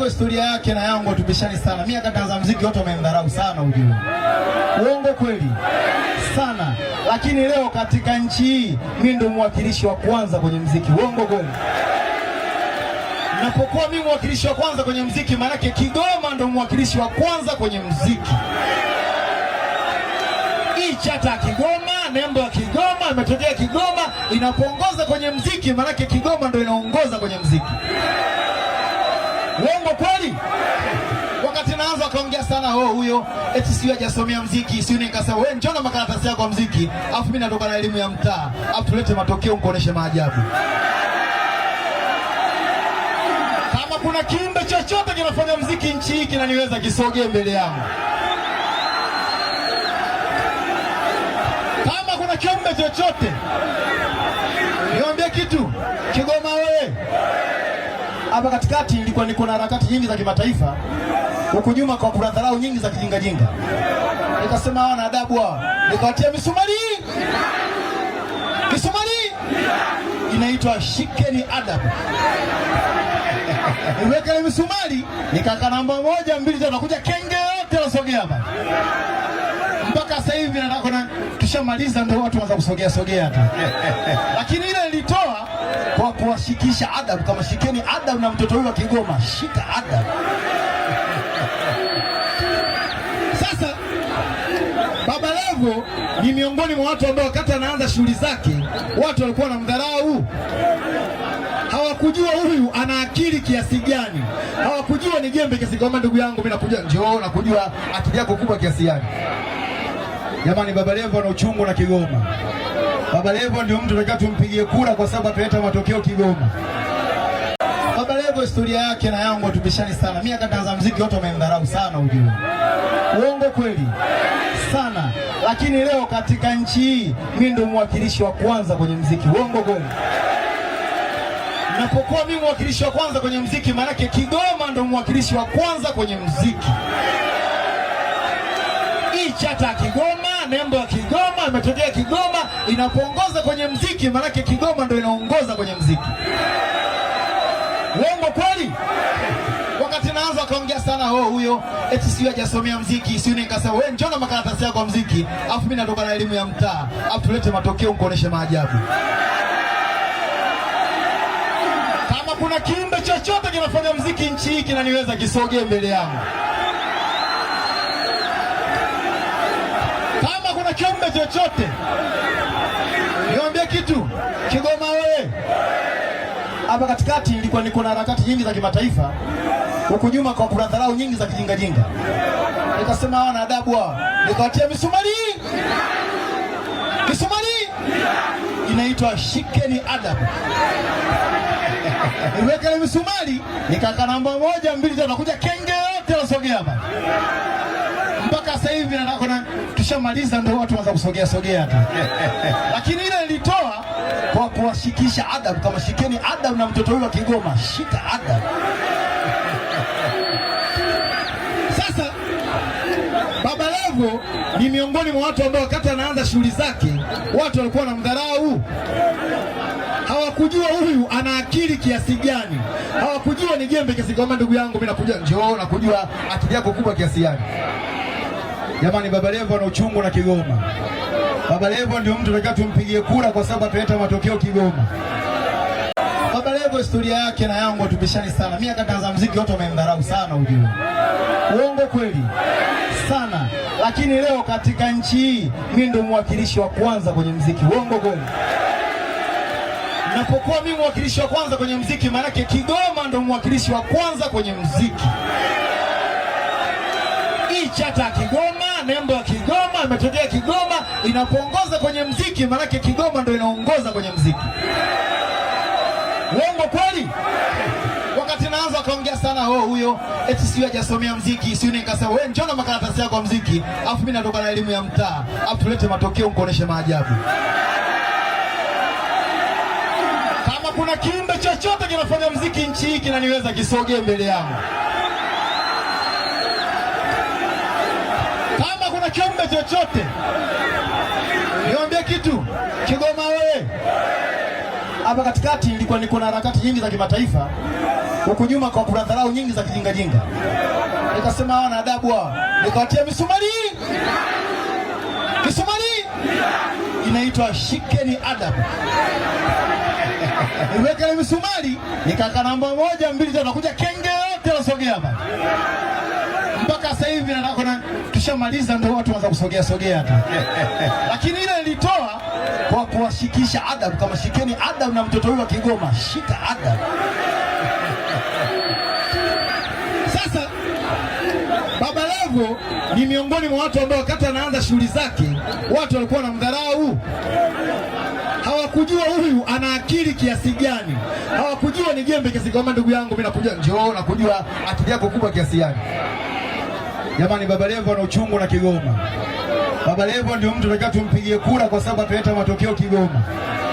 Kidogo historia yake na yangu tupishani sana. Mimi akatanza muziki wote wamemdharau sana ujue. Uongo kweli? Sana. Lakini leo katika nchi hii mimi ndio mwakilishi wa kwanza kwenye muziki. Uongo kweli? Napokuwa mimi mwakilishi wa kwanza kwenye muziki, yake Kigoma ndio mwakilishi wa kwanza kwenye muziki. Hii chata Kigoma, nembo ya Kigoma imetokea Kigoma, inapoongoza kwenye muziki, yake Kigoma ndio inaongoza kwenye muziki. Uongo kweli? Wakati naanza akaongea sana oh, huyo eti sio hajasomea mziki, sio kasa wewe njoo na makaratasi yako ya mziki, afu mimi natoka na elimu ya mtaa, afu tulete matokeo nikuoneshe maajabu. Kama kuna kiumbe chochote kinafanya mziki nchi hii kinaniweza, kisogee mbele yangu. Kama kuna kiumbe chochote niambie kitu Kigoma wewe hapa katikati ilikuwa niko na harakati nyingi za kimataifa, huku nyuma kwa kuna dharau nyingi za kijingajinga. Nikasema hawa na adabu hawa, nikawatia misumari. Misumari inaitwa shikeni adabu. Niwekele misumari, nikaka namba moja mbili tatu, nakuja kenge yote nasogea hapa sasa hivi nataka na ndio watu waanza kusogea sogea tu lakini ile nilitoa kwa kuwashikisha adabu, kama shikeni adabu na mtoto huyu wa Kigoma, shika adabu sasa Baba Levo ni miongoni mwa watu ambao wakati anaanza shughuli zake watu walikuwa na mdharau hawakujua huyu ana akili kiasi gani, hawakujua ni jembe kiasi. gani. ndugu yangu, mimi nakujua, njoo nakujua akili yako kubwa kiasi gani. Jamani, Baba Levo ana uchungu na Kigoma. Baba Levo ndio mtu tunataka tumpigie kura kwa sababu ataleta matokeo Kigoma. Baba Levo historia yake na yangu tupishani sana. Mimi za muziki wote wamemdharau sana, ujue uongo kweli sana, lakini leo katika nchi hii mimi ndio mwakilishi wa kwanza kwenye muziki. Uongo kweli? Napokuwa mimi mwakilishi wa kwanza kwenye muziki, maanake Kigoma ndio mwakilishi wa kwanza kwenye muziki. Hii chata ya Kigoma nembo ya Kigoma imetokea Kigoma, inapoongoza kwenye mziki, maanake Kigoma ndio inaongoza kwenye mziki. Uongo kweli? Wakati naanza kaongea sana oh, huyo eti sio hajasomea mziki, sio nikasema wewe njoo na makaratasi yako ya mziki, afu mimi natoka na elimu ya mtaa, afu tulete matokeo nikuoneshe maajabu. Kama kuna kiumbe chochote kinafanya mziki nchi hii kinaniweza, kisogee mbele yangu. kiumbe chochote. Niwaambie kitu, Kigoma wewe. Hapa katikati ilikuwa niko na harakati nyingi za kimataifa, huku nyuma kwa kuna dharau nyingi za kijingajinga, nikasema hawa na adabu hawa, nikawatia misumari. Misumari inaitwa shikeni adabu Niwekele misumari nikaka namba moja mbili tatu, nakuja kenge yote wasogea hapa mpaka sasa hivi nataka tukishamaliza ndio watu waanza kusogea sogea tu lakini ile ilitoa kwa kuwashikisha adabu, kama shikeni adabu na mtoto huyu wa Kigoma, shika adabu. Sasa Baba Levo ni miongoni mwa watu ambao wakati anaanza shughuli zake watu walikuwa na mdharau, hawakujua huyu ana akili kiasi gani, hawakujua ni jembe kiasi. gani. ndugu yangu, mimi nakujua, njoo nakujua akili yako kubwa kiasi gani. Jamani, Baba Levo ana uchungu na Kigoma. Baba Levo ndio mtu tunataka tumpigie kura kwa sababu ataleta matokeo Kigoma. Baba Levo historia yake na yangu tupishani sana. Mimi za muziki wote wamemdharau sana, ujue uongo kweli sana, lakini leo katika nchi hii mimi ndio mwakilishi wa kwanza kwenye muziki. Uongo kweli? Napokuwa mimi mwakilishi wa kwanza kwenye muziki, maanake Kigoma ndio mwakilishi wa kwanza kwenye muziki. Hii chata ya Kigoma nembo ya Kigoma imetokea Kigoma, inapoongoza kwenye mziki, maanake Kigoma ndio inaongoza kwenye mziki. Uongo kweli? Wakati naanza akaongea sana oh, huyo eti sio hajasomea mziki, sio nikasema wewe njoo na makaratasi yako ya mziki, afu mimi natoka na elimu ya mtaa, afu tulete matokeo nikuoneshe maajabu. Kama kuna kiumbe chochote kinafanya mziki nchi hii kinaniweza, kisogee mbele yangu. Hakuna kiumbe chochote, niambie kitu Kigoma wewe. Hapa katikati ilikuwa niko na harakati nyingi za kimataifa, huku nyuma kwa kuna dharau nyingi za kijingajinga, nikasema hawa na adabu hawa, nikawatia misumari. Misumari inaitwa shikeni adabu Iwekele misumari, nikakaa namba moja mbili tatu, nakuja kenge yote nasogea hapa sasa hivi na tukishamaliza ndio watu waanza kusogea sogea tu lakini ile nilitoa kwa kuwashikisha adabu, kama shikeni adabu na mtoto huyu wa Kigoma, shika adabu. Sasa Baba Levo ni miongoni mwa watu ambao wakati anaanza shughuli zake watu walikuwa na mdharau hawakujua huyu ana akili kiasi gani, hawakujua ni jembe kiasi. Kama ndugu yangu, mimi nakujua, njoo nakujua akili yako kubwa kiasi gani. Jamani, Baba Levo ana uchungu na Kigoma. Baba Levo ndio mtu tunataka tumpigie kura kwa sababu ataleta matokeo Kigoma.